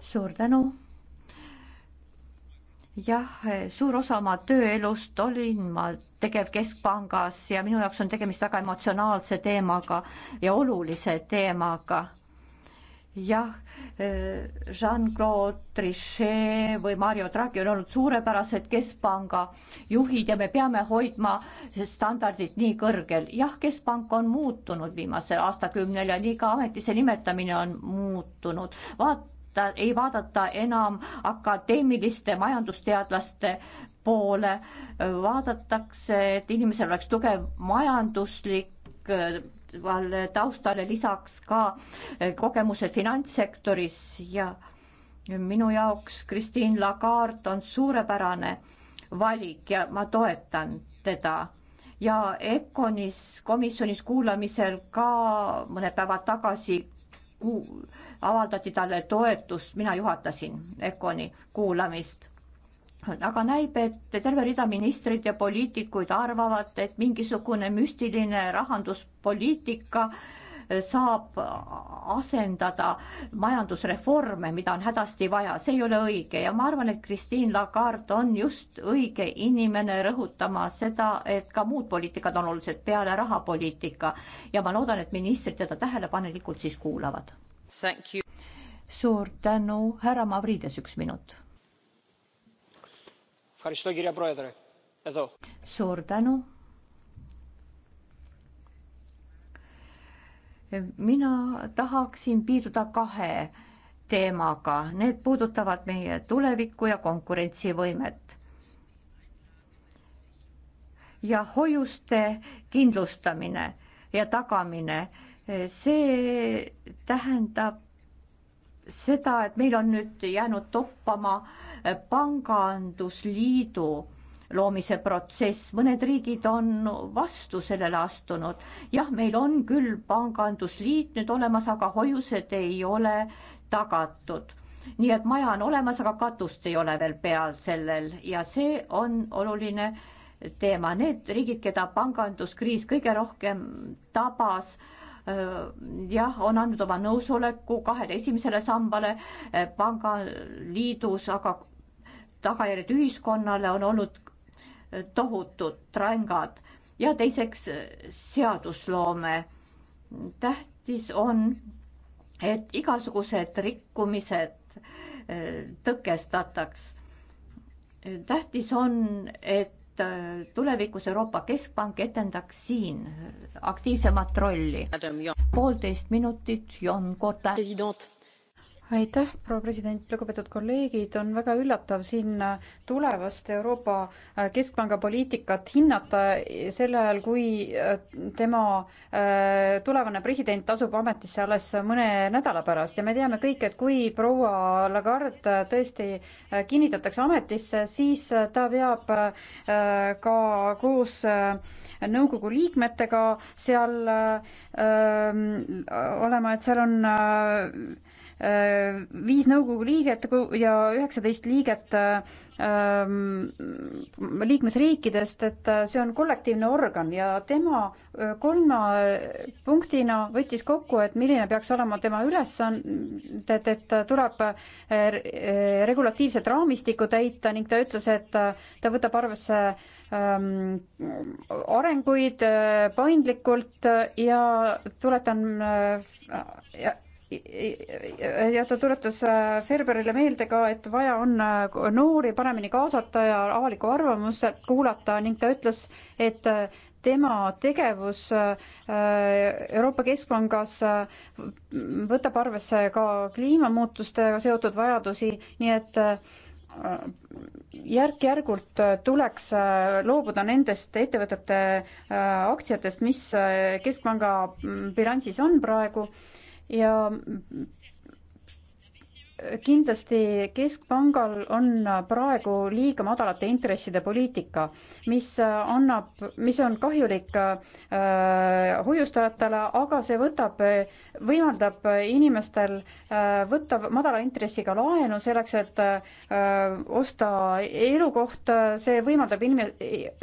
suur tänu. jah, suur osa oma tööelust olin ma tegev keskpangas ja minu jaoks on tegemist väga emotsionaalse teemaga ja olulise teemaga jah, eh, Jean-Claude Trichet või Mario Draghi on olnud suurepärased keskpanga juhid ja me peame hoidma standardid nii kõrgel. jah, keskpank on muutunud viimasel aastakümnel ja nii ka ametisse nimetamine on muutunud. vaata, ei vaadata enam akadeemiliste majandusteadlaste poole, vaadatakse, et inimesel oleks tugev majanduslik eh, tugeval taustale lisaks ka eh, kogemused finantssektoris ja minu jaoks Christine Lagarde on suurepärane valik ja ma toetan teda. ja EKONis komisjonis kuulamisel ka mõned päevad tagasi avaldati talle toetust, mina juhatasin EKONi kuulamist aga näib, et terve rida ministreid ja poliitikuid arvavad, et mingisugune müstiline rahanduspoliitika äh, saab asendada majandusreforme, mida on hädasti vaja, see ei ole õige ja ma arvan, et Christine Lagarde on just õige inimene rõhutama seda, et ka muud poliitikad on olulised peale rahapoliitika ja ma loodan, et ministrid teda tähelepanelikult siis kuulavad. suur tänu, härra Mavrides, üks minut suur tänu. mina tahaksin piirduda kahe teemaga, need puudutavad meie tulevikku ja konkurentsivõimet. ja hoiuste kindlustamine ja tagamine, e, see tähendab seda, et meil on nüüd jäänud toppama äh, pangandusliidu loomise protsess, mõned riigid on vastu sellele astunud. jah, meil on küll pangandusliit nüüd olemas, aga hoiused ei ole tagatud. nii et maja on olemas, aga katust ei ole veel peal sellel ja see on oluline teema. Need riigid, keda panganduskriis kõige rohkem tabas, jah, on andnud oma nõusoleku kahele esimesele sambale pangaliidus, aga tagajärjed ühiskonnale on olnud tohutud trängad ja teiseks seadusloome. tähtis on, et igasugused rikkumised eh, tõkestataks. tähtis on, et eh, tulevikus Euroopa Keskpank etendaks siin aktiivsemat rolli. poolteist minutit, Jon Kotta. president aitäh, proua president, lugupeetud kolleegid, on väga üllatav siin tulevast Euroopa äh, Keskpanga poliitikat hinnata sel ajal, kui äh, tema äh, tulevane president asub ametisse alles mõne nädala pärast ja me teame kõik, et kui proua Lagarde tõesti kinnitatakse ametisse, siis ta peab ka koos nõukogu liikmetega seal öö, olema, et seal on öö, Äh, viis nõukogu liiget ja üheksateist liiget ähm, liikmesriikidest, et äh, see on kollektiivne organ ja tema äh, kolme punktina võttis kokku, et milline peaks olema tema ülesanded, et tuleb regulatiivset raamistikku täita ning ta ütles, et ta võtab arvesse ähm, arenguid paindlikult ja tuletan ja ta tuletas äh, Ferberile meelde ka, et vaja on äh, noori paremini kaasata ja avalikku arvamust kuulata ning ta ütles, et äh, tema tegevus Euroopa Keskpangas võtab arvesse ka kliimamuutustega seotud vajadusi, nii et järk-järgult tuleks loobuda nendest ettevõtete aktsiatest, mis Keskpanga mm, bilansis on praegu ja kindlasti Keskpangal on praegu liiga madalate intresside poliitika, mis annab, mis on kahjulik äh, hoiustajatele, aga see võtab, võimaldab inimestel äh, võtta madala intressiga laenu selleks, et äh, osta elukoht, see võimaldab inime-,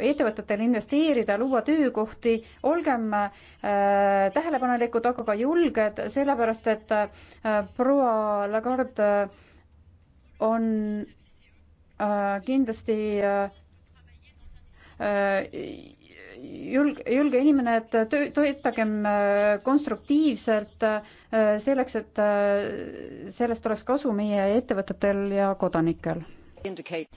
ettevõtetel investeerida, luua töökohti, olgem äh, tähelepanelikud, aga ka julged, sellepärast et äh, proua Lagarde Äh, on äh, kindlasti äh, julge, julge inimene, et töö, töötagem konstruktiivselt selleks, et sellest oleks kasu meie ettevõtetel ja kodanikel.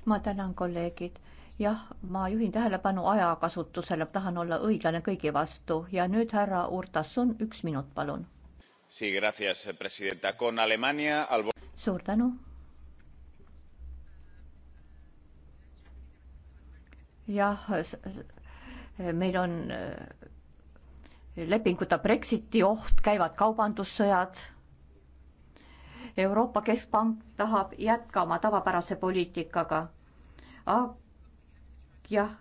ma tänan, kolleegid. jah, ma juhin tähelepanu ajakasutusele, tahan olla õiglane kõigi vastu ja nüüd härra Urtasun, üks minut, palun Eh, suur tänu. jah, meil on eh, lepinguta Brexiti oht, käivad kaubandussõjad. Euroopa Keskpank tahab jätka oma tavapärase poliitikaga. jah,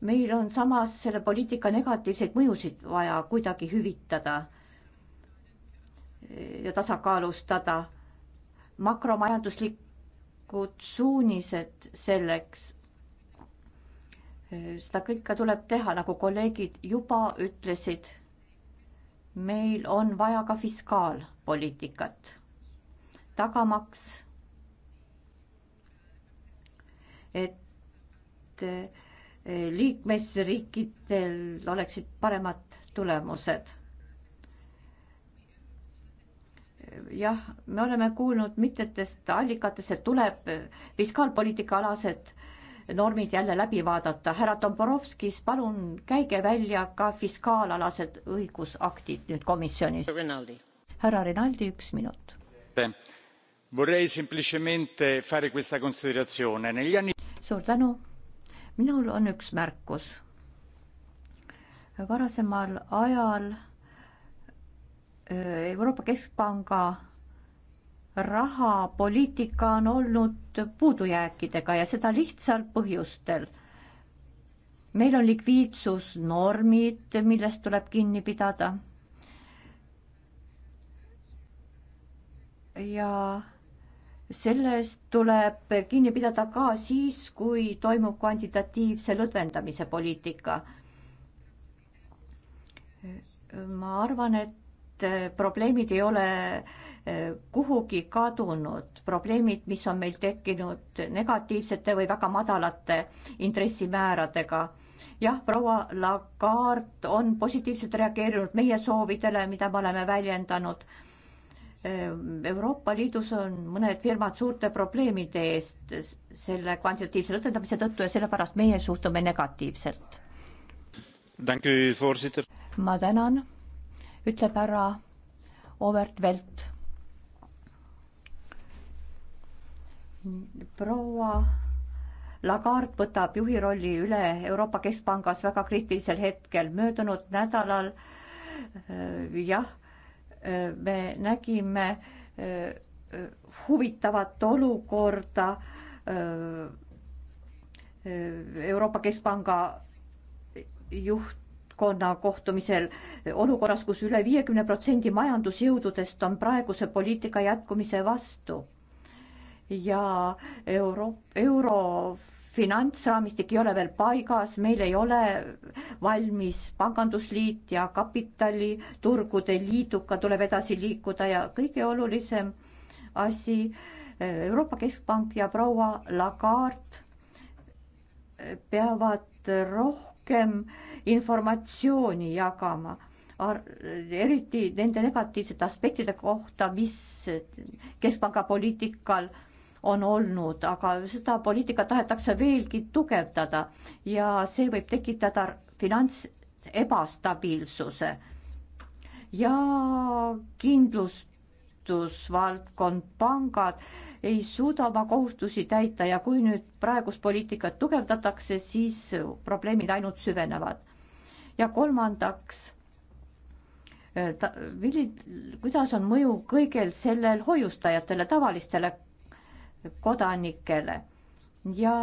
meil on samas selle poliitika negatiivseid mõjusid vaja kuidagi hüvitada ja tasakaalustada makromajanduslikud suunised selleks. seda kõike tuleb teha, nagu kolleegid juba ütlesid. meil on vaja ka fiskaalpoliitikat, tagamaks, et eh, liikmesriikidel oleksid paremad tulemused jah, me oleme kuulnud mitmetest allikatest, et tuleb fiskaalpoliitika alased normid jälle läbi vaadata. härra Domborovskis, palun käige välja ka fiskaalalased õigusaktid nüüd komisjonis. härra Rinaldi, üks minut. Vorrei semplicemente fare questa considerazione. Negli anni... Suur tänu. Minul on üks märkus. Varasemal ajal Euroopa Keskpanga rahapoliitika on olnud puudujääkidega ja seda lihtsal põhjustel. meil on likviidsusnormid, millest tuleb kinni pidada. ja sellest tuleb kinni pidada ka siis, kui toimub kvantitatiivse lõdvendamise poliitika. ma arvan, et et eh, probleemid ei ole eh, kuhugi kadunud, probleemid, mis on meil tekkinud negatiivsete või väga madalate intressimääradega. jah, proua Lagarde on positiivselt reageerinud meie soovidele, mida me oleme väljendanud. Eh, Euroopa Liidus on mõned firmad suurte probleemide eest selle kvantitatiivse lõdvendamise tõttu ja sellepärast meie suhtume negatiivselt. ma tänan ütleb härra Overt Velt. proua Lagarde võtab juhi rolli üle Euroopa Keskpangas väga kriitilisel hetkel. möödunud nädalal äh, jah, äh, me nägime äh, huvitavat olukorda Euroopa Keskpanga juht juhtkonna kohtumisel olukorras kus, kus üle viiekümne protsendi majandusjõududest on praeguse poliitika jätkumise vastu. ja euro, euro finantsraamistik ei ole veel paigas, meil ei ole valmis pangandusliit ja kapitaliturgude liiduga tuleb edasi liikuda ja kõige olulisem asi, Euroopa Keskpank ja proua Lagarde peavad rohkem rohkem informatsiooni jagama, eriti nende negatiivsete aspektide kohta, mis keskpanga poliitikal on olnud, aga seda poliitikat tahetakse veelgi tugevdada ja see võib tekitada finants ebastabiilsuse ja kindlustusvaldkond, pangad ei suuda oma kohustusi täita ja kui nüüd praegust poliitikat tugevdatakse, siis probleemid ainult süvenevad. ja kolmandaks, äh, ta, milli-, kuidas on mõju kõigel sellel hoiustajatele, tavalistele kodanikele ja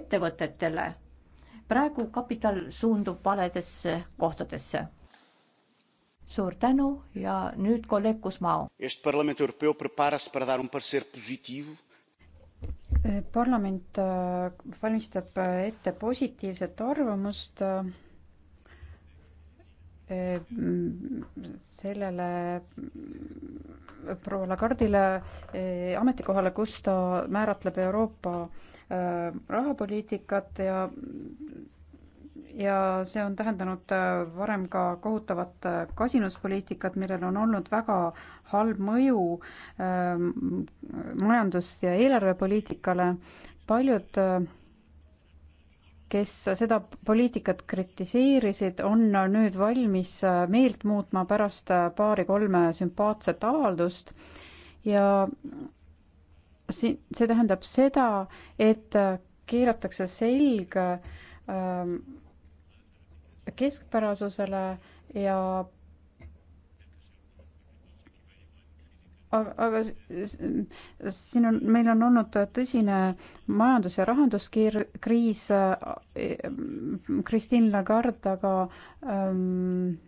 ettevõtetele? praegu kapital suundub valedesse kohtadesse suur tänu ja nüüd kolleeg Kusmao. Eh, parlament eh, valmistab eh, ette positiivset arvamust mm, sellele mm, proua Lagardile ametikohale, kus ta määratleb Euroopa rahapoliitikat ja ja see on tähendanud äh, varem ka kohutavat äh, kasinuspoliitikat, millel on olnud väga halb mõju ähm, majandus- ja eelarvepoliitikale. paljud, äh, kes seda poliitikat kritiseerisid, on nüüd valmis meelt muutma pärast paari-kolme sümpaatset avaldust ja siin, see tähendab seda, et keeratakse selg ähm, keskpärasusele ja aga, aga siin on, meil on olnud tõsine majandus- ja rahanduskriis, ehm, Christine Lagarde aga ähm,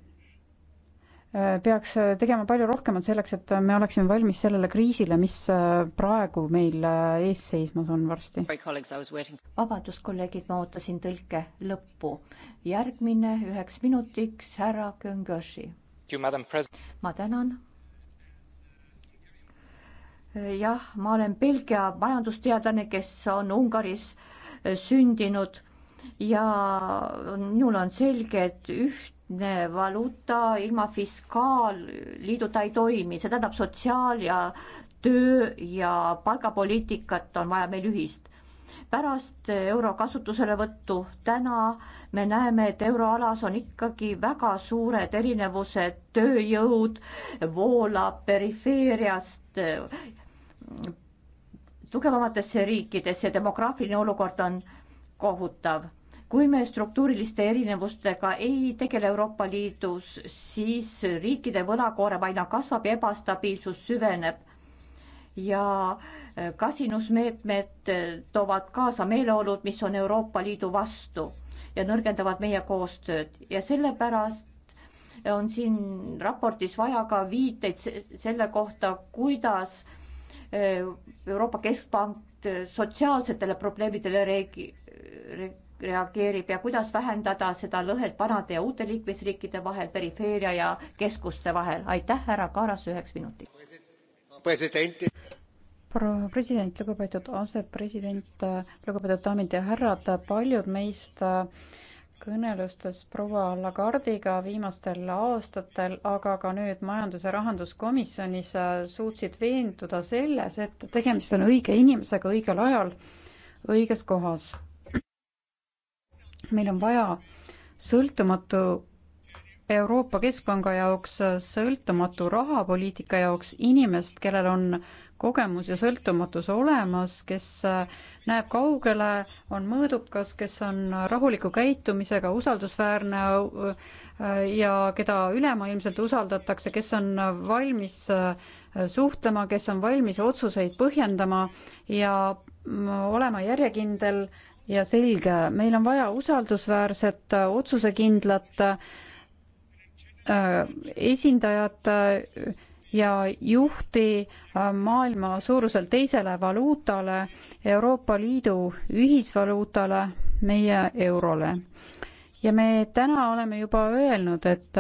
Äh, peaks äh, tegema palju rohkemat selleks, et me oleksime valmis sellele kriisile, mis äh, praegu meil ees seismas on varsti. vabandust, kolleegid, ma ootasin tõlke lõppu. järgmine üheks minutiks härra Göngoshi. ma tänan. jah, ma olen Belgia majandusteadlane, kes on Ungaris sündinud ja minul on selge, et ühtne valuuta ilma fiskaalliiduta ei toimi, see tähendab sotsiaal ja töö ja palgapoliitikat on vaja meil ühist. pärast euro kasutuselevõttu täna me näeme, et euroalas on ikkagi väga suured erinevused, tööjõud voolab perifeeriast eh, tugevamatesse riikidesse, demograafiline olukord on kohutav. kui me struktuuriliste erinevustega ei tegele Euroopa Liidus, siis riikide võlakoorem aina kasvab ja ebastabiilsus süveneb. ja äh, kasinusmeetmed äh, toovad kaasa meeleolud, mis on Euroopa Liidu vastu ja nõrgendavad meie koostööd ja sellepärast on siin raportis vaja ka viiteid selle kohta, kuidas äh, Euroopa Keskpank sotsiaalsetele probleemidele reegi-, reageerib ja kuidas vähendada seda lõhet vanade ja uute liikmesriikide vahel, perifeeria ja keskuste vahel. aitäh, härra Kaaras, üheks minutiks. proua president, lugupeetud asepresident, lugupeetud daamid ja härrad, paljud meist äh, kõnelustes proua Lagardiga viimastel aastatel, aga ka nüüd majandus- ja rahanduskomisjonis äh, suutsid veenduda selles, et tegemist on õige inimesega õigel ajal õiges kohas meil on vaja sõltumatu Euroopa Keskpanga jaoks, sõltumatu rahapoliitika jaoks inimest, kellel on kogemus ja sõltumatus olemas, kes näeb kaugele, on mõõdukas, kes on rahuliku käitumisega, usaldusväärne äh, ja keda ülemaailmselt usaldatakse, kes on valmis äh, suhtlema, kes on valmis otsuseid põhjendama ja mm, olema järjekindel ja selge, meil on vaja usaldusväärset, äh, otsusekindlat äh, esindajat äh, ja juhti maailma suuruselt teisele valuutale, Euroopa Liidu ühisvaluutale, meie eurole. ja me täna oleme juba öelnud, et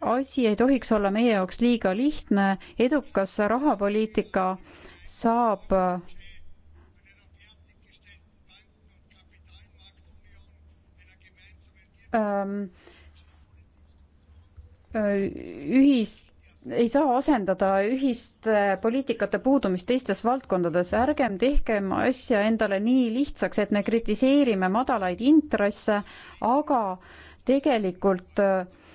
asi ei tohiks olla meie jaoks liiga lihtne, edukas rahapoliitika saab Ähm, äh, ühist ei saa asendada ühist poliitikate puudumist teistes valdkondades, ärgem tehkem asja endale nii lihtsaks, et me kritiseerime madalaid intresse, aga tegelikult äh,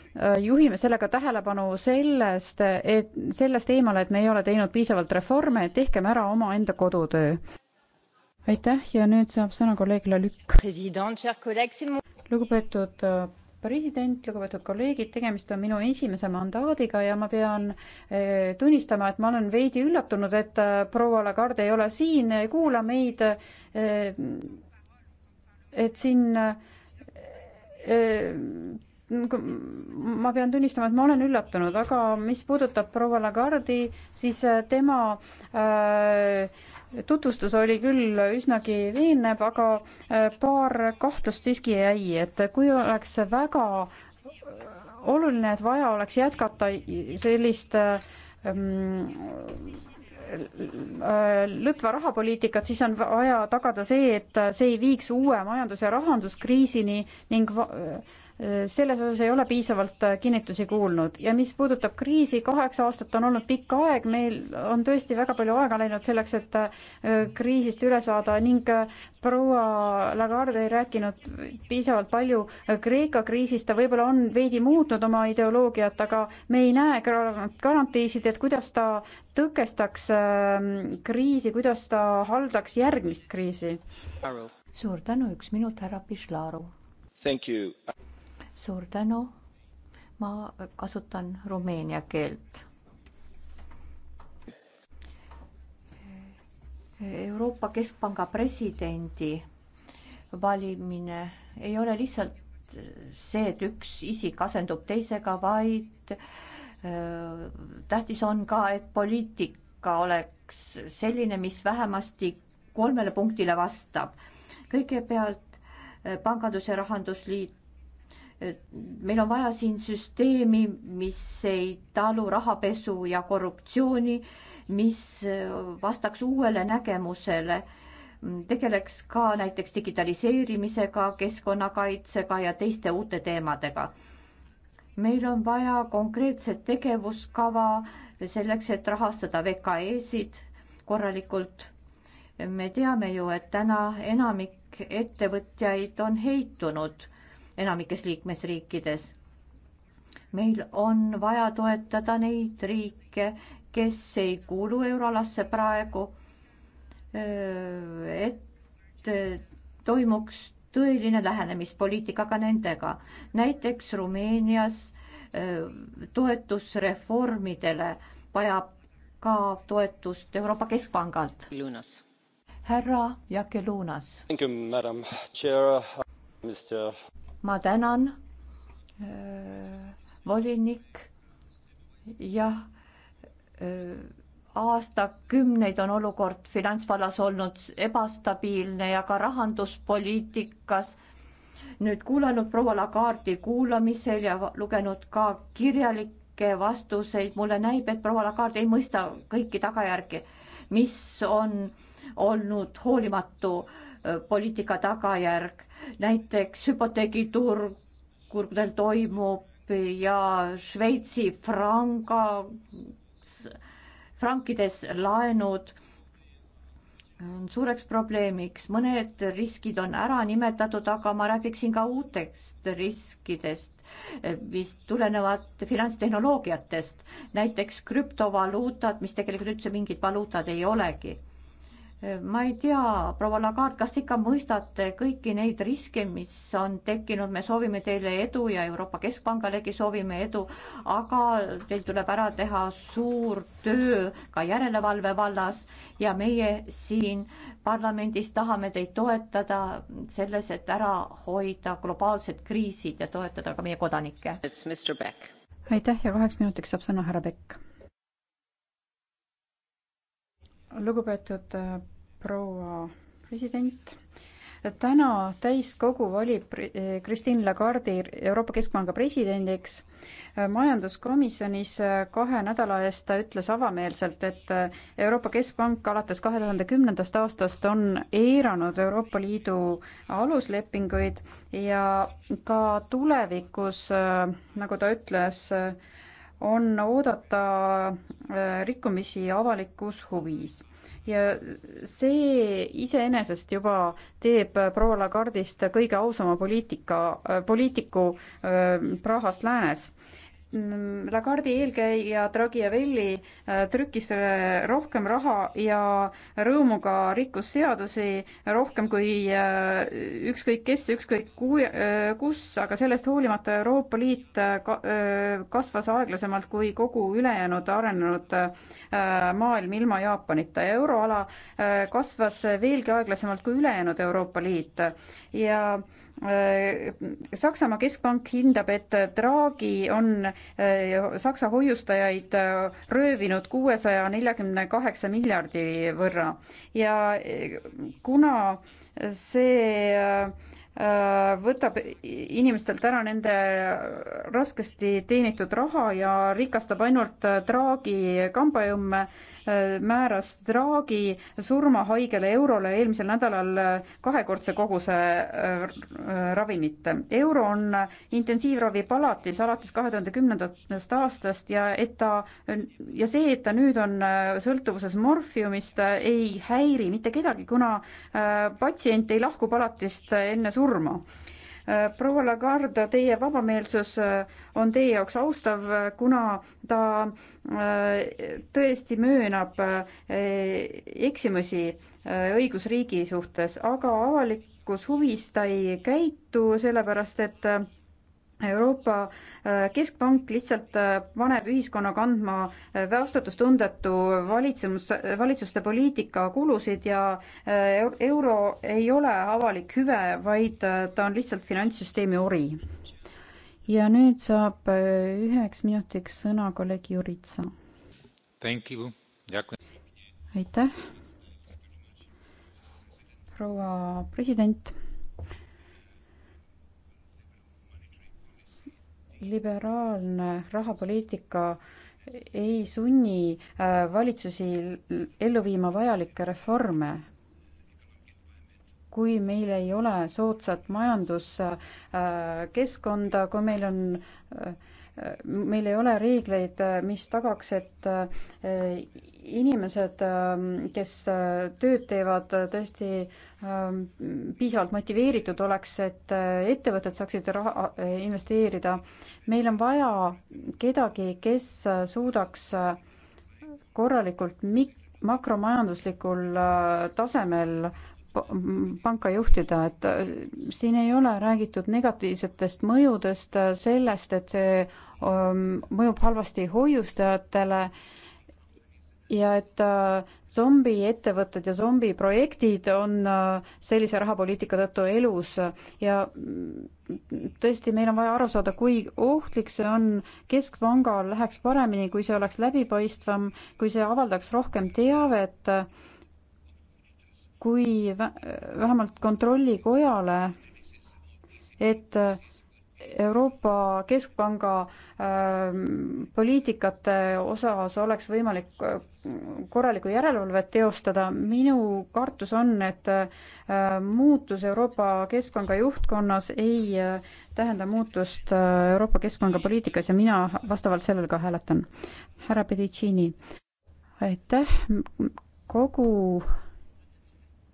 juhime sellega tähelepanu sellest, et sellest eemale, et me ei ole teinud piisavalt reforme, tehkem ära omaenda kodutöö aitäh ja nüüd saab sõna kolleeg Lalükk. lugupeetud äh, president, lugupeetud kolleegid, tegemist on minu esimese mandaadiga ja ma pean äh, tunnistama, et ma olen veidi üllatunud, et äh, proua Lagarde ei ole siin, ei kuula meid. et siin ma pean tunnistama, et ma olen üllatunud, aga mis puudutab proua Lagardi, siis tema äh, tutvustus oli küll üsnagi veenev, aga äh, paar kahtlust siiski jäi, et kui oleks väga oluline, et vaja oleks jätkata sellist ähm, lõtva rahapoliitikat, siis on vaja tagada see, et see ei viiks uue majandus- ja rahanduskriisini ning selles osas ei ole piisavalt äh, kinnitusi kuulnud ja mis puudutab kriisi, kaheksa aastat on olnud pikk aeg, meil on tõesti väga palju aega läinud selleks, et äh, kriisist üle saada ning äh, proua Lagarde ei rääkinud piisavalt palju Kreeka kriisist, ta võib-olla on veidi muutnud oma ideoloogiat, aga me ei näe garantiisid, et kuidas ta tõkestaks ähm, kriisi, kuidas ta haldaks järgmist kriisi. suur tänu, üks minut, härra Pišlaru. Thank you suur tänu. ma kasutan rumeenia keelt. Euroopa Keskpanga presidendi valimine ei ole lihtsalt see, et üks isik asendub teisega, vaid öö, tähtis on ka, et poliitika oleks selline, mis vähemasti kolmele punktile vastab. kõigepealt pangandus- ja rahandusliit, meil on vaja siin süsteemi, mis ei talu rahapesu ja korruptsiooni, mis vastaks uuele nägemusele, tegeleks ka näiteks digitaliseerimisega, keskkonnakaitsega ja teiste uute teemadega. meil on vaja konkreetset tegevuskava selleks, et rahastada VKE-sid korralikult. me teame ju, et täna enamik ettevõtjaid on heitunud enamikes liikmesriikides. meil on vaja toetada neid riike, kes ei kuulu euroalasse praegu, et toimuks tõeline lähenemispoliitika ka nendega. näiteks Rumeenias toetus reformidele vajab ka toetust Euroopa Keskpangalt. härra Jakelunas ma tänan äh,, volinik. jah äh,, aastakümneid on olukord finantsvallas olnud ebastabiilne ja ka rahanduspoliitikas. nüüd kuulanud proua Lagardi kuulamisel ja lugenud ka kirjalikke vastuseid, mulle näib, et proua Lagarde ei mõista kõiki tagajärgi, mis on olnud hoolimatu äh, poliitika tagajärg näiteks hüpoteegiturg, kurgudel toimub ja Šveitsi franga, frankides laenud on suureks probleemiks, mõned riskid on ära nimetatud, aga ma räägiksin ka uutest riskidest, mis tulenevad finantstehnoloogiatest, näiteks krüptovaluutad, mis tegelikult üldse mingid valuutad ei olegi ma ei tea, proua Lagarde, kas te ikka mõistate kõiki neid riske, mis on tekkinud, me soovime teile edu ja Euroopa Keskpangalegi soovime edu, aga teil tuleb ära teha suur töö ka järelevalve vallas ja meie siin parlamendis tahame teid toetada selles, et ära hoida globaalsed kriisid ja toetada ka meie kodanikke. aitäh ja kaheks minutiks saab sõna härra Pekk lugupeetud äh, proua president täna täiskogu valib äh, Christine Lagarde'i Euroopa Keskpanga presidendiks. Äh, majanduskomisjonis kahe nädala eest ta ütles avameelselt, et Euroopa Keskpank alates kahe tuhande kümnendast aastast on eiranud Euroopa Liidu aluslepinguid ja ka tulevikus, nagu ta ütles, on oodata äh, rikkumisi avalikus huvis ja see iseenesest juba teeb proua Lagardist kõige ausama poliitika, äh, poliitiku Prahast äh, läänes. Mm, Lagardi eelkäija Draghi ja Velli äh, trükkis selle rohkem raha ja rõõmuga rikkus seadusi rohkem kui äh, ükskõik kes, ükskõik äh, kus, aga sellest hoolimata Euroopa Liit kasvas aeglasemalt kui kogu ülejäänud arenenud maailm ilma Jaapanita ja euroala kasvas veelgi aeglasemalt kui ülejäänud Euroopa Liit ja Äh, Saksamaa keskpank hindab, et Draghi on äh, Saksa hoiustajaid äh, röövinud kuuesaja neljakümne kaheksa miljardi võrra ja kuna see võtab inimestelt ära nende raskesti teenitud raha ja rikastab ainult Draghi kambajõmme, määras Draghi surmahaigele eurole eelmisel nädalal kahekordse koguse äh, äh, ravimit. euro on intensiivravipalatis alates kahe tuhande kümnendast aastast ja et ta ja see, et ta nüüd on äh, sõltuvuses morfiumist, ei häiri mitte kedagi, kuna patsient ei lahku palatist enne surma Äh, proua Lagarde, teie vabameelsus äh, on teie jaoks austav, äh, kuna ta tõesti möönab eksimusi õigusriigi suhtes, aga avalikus huvis ta ei käitu, sellepärast et Euroopa äh, Keskpank lihtsalt äh, paneb ühiskonna kandma äh, vastutustundetu valitsemus, valitsuste poliitika kulusid ja euro ei ole avalik hüve, vaid ta on lihtsalt finantssüsteemi ori. ja nüüd saab üheks minutiks sõna kolleeg Juritsa. aitäh, proua president liberaalne rahapoliitika ei sunni äh, valitsusi ellu viima vajalikke reforme, kui meil ei ole soodsat majanduskeskkonda, äh, kui meil on äh, meil ei ole reegleid, mis tagaks, et äh, inimesed, ähm, kes äh, tööd teevad, tõesti ähm, piisavalt motiveeritud oleks, et äh, ettevõtted saaksid raha investeerida. meil on vaja kedagi, kes suudaks korralikult mik-, makromajanduslikul tasemel äh, panka juhtida, et äh, siin ei ole räägitud negatiivsetest mõjudest, äh, sellest, et see ähm, mõjub halvasti hoiustajatele ja et äh, zombiettevõtted ja zombiprojektid on sellise rahapoliitika tõttu elus ja mm, tõesti, meil on vaja aru saada, kui ohtlik see on. keskpangal läheks paremini, kui see oleks läbipaistvam, kui see avaldaks rohkem teavet kui vähemalt kontrollikojale, et Euroopa Keskpanga ähm, poliitikate osas oleks võimalik äh, korralikku järelevalvet teostada. minu kartus on, et äh, muutus Euroopa Keskpanga juhtkonnas ei äh, tähenda muutust Euroopa Keskpanga poliitikas ja mina vastavalt sellele ka hääletan. härra Pedicini, aitäh kogu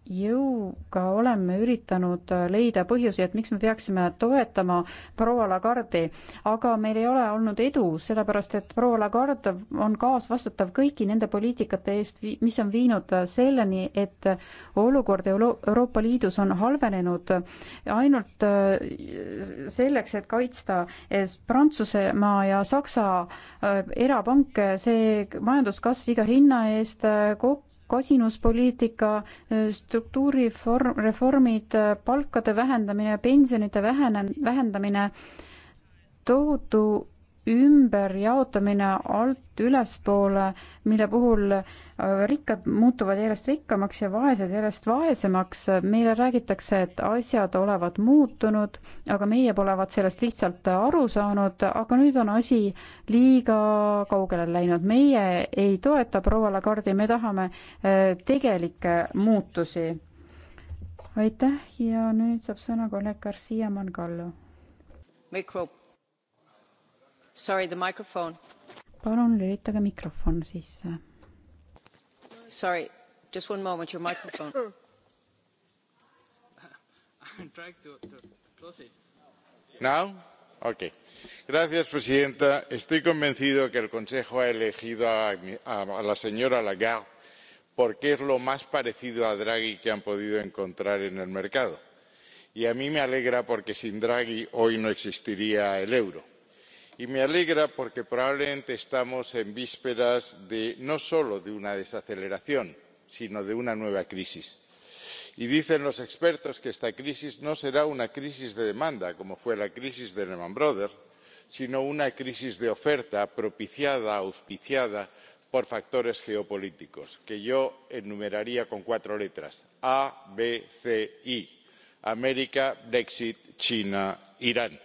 jõuga oleme üritanud leida põhjusi, et miks me peaksime toetama proua Lagarde'i, aga meil ei ole olnud edu, sellepärast et proua Lagarde on kaasvastutav kõigi nende poliitikate eest, mis on viinud selleni, et olukord Euro Euroopa Liidus on halvenenud ainult äh, selleks, et kaitsta äh, Prantsusmaa ja Saksa äh, erapanke, see majanduskasv iga hinna eest kokku kasinuspoliitika, äh, struktuurireformid, äh, palkade vähendamine, pensionide vähene, vähendamine, tohutu ümberjaotamine alt ülespoole, mille puhul äh, rikkad muutuvad järjest rikkamaks ja vaesed järjest vaesemaks. meile räägitakse, et asjad olevat muutunud, aga meie polevat sellest lihtsalt aru saanud, aga nüüd on asi liiga kaugele läinud. meie ei toeta proua Lagardi, me tahame äh, tegelikke muutusi. aitäh ja nüüd saab sõna kolleeg Garcia Mangallo. Mikro Sorry, the microphone. palun lülitage mikrofon sisse. Sorry, just one moment, your microphone señora presidenta estoy convencido de que el consejo ha elegido a la señora lagarde porque es lo más parecido a draghi que han podido encontrar en el mercado y a mí me alegra porque sin draghi hoy no existiría el euro y me alegra porque probablemente estamos en vísperas no solo de una desaceleración sino de una nueva crisis. y dicen los expertos que esta crisis no será una crisis de demanda como fue la crisis de lehman brothers sino una crisis de oferta propiciada auspiciada por factores geopolíticos que yo enumeraría con cuatro letras a b c i américa brexit china irán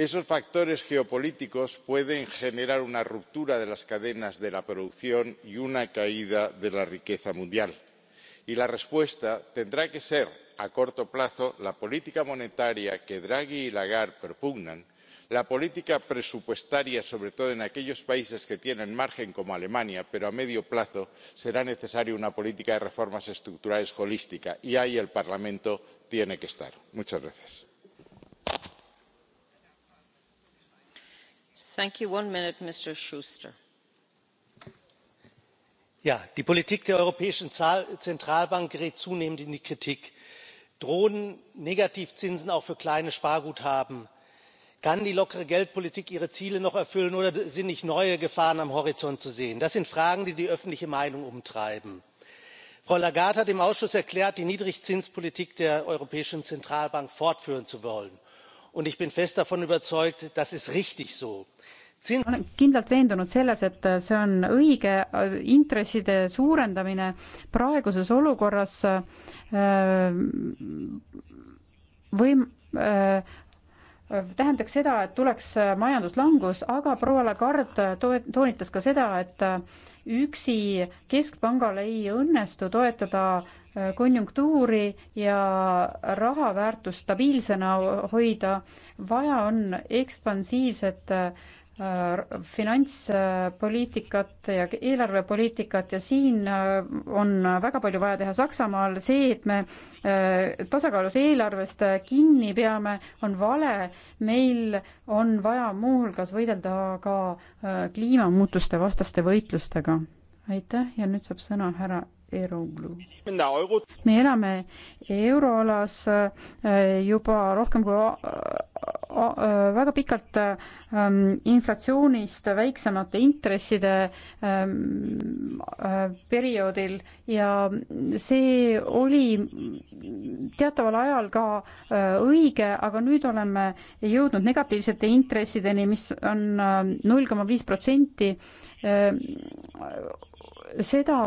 esos factores geopolíticos pueden generar una ruptura de las cadenas de la producción y una caída de la riqueza mundial y la respuesta tendrá que ser a corto plazo la política monetaria que draghi y lagarde propugnan la política presupuestaria sobre todo en aquellos países que tienen margen como alemania pero a medio plazo será necesaria una política de reformas estructurales holística y ahí el parlamento tiene que estar. muchas gracias. frau präsidentin! die politik der europäischen zentralbank gerät zunehmend in die kritik. drohen negativzinsen auch für kleine sparguthaben? kann die lockere geldpolitik ihre ziele noch erfüllen oder sind nicht neue gefahren am horizont zu sehen? das sind fragen die die öffentliche meinung umtreiben. frau lagarde hat im ausschuss erklärt die niedrigzinspolitik der europäischen zentralbank fortführen zu wollen und ich bin fest davon überzeugt das ist richtig so. olen kindlalt veendunud selles, et see on õige äh, intresside suurendamine praeguses olukorras äh, võim- äh, tähendaks seda, et tuleks majanduslangus, aga proua Lagarde toonitas ka seda, et üksi keskpangal ei õnnestu toetada äh, konjunktuuri ja raha väärtust stabiilsena hoida, vaja on ekspansiivset äh, Äh, finantspoliitikat ja eelarvepoliitikat ja siin äh, on väga palju vaja teha Saksamaal. see, et me äh, tasakaalus eelarvest kinni peame, on vale. meil on vaja muuhulgas võidelda ka kliimamuutuste vastaste võitlustega. aitäh ja nüüd saab sõna härra Eroglu. me elame euroalas äh, juba rohkem kui äh, äh, väga pikalt ähm, inflatsioonist väiksemate intresside ähm, perioodil ja see oli teataval ajal ka õige, aga nüüd oleme jõudnud negatiivsete intressideni, mis on null koma viis protsenti seda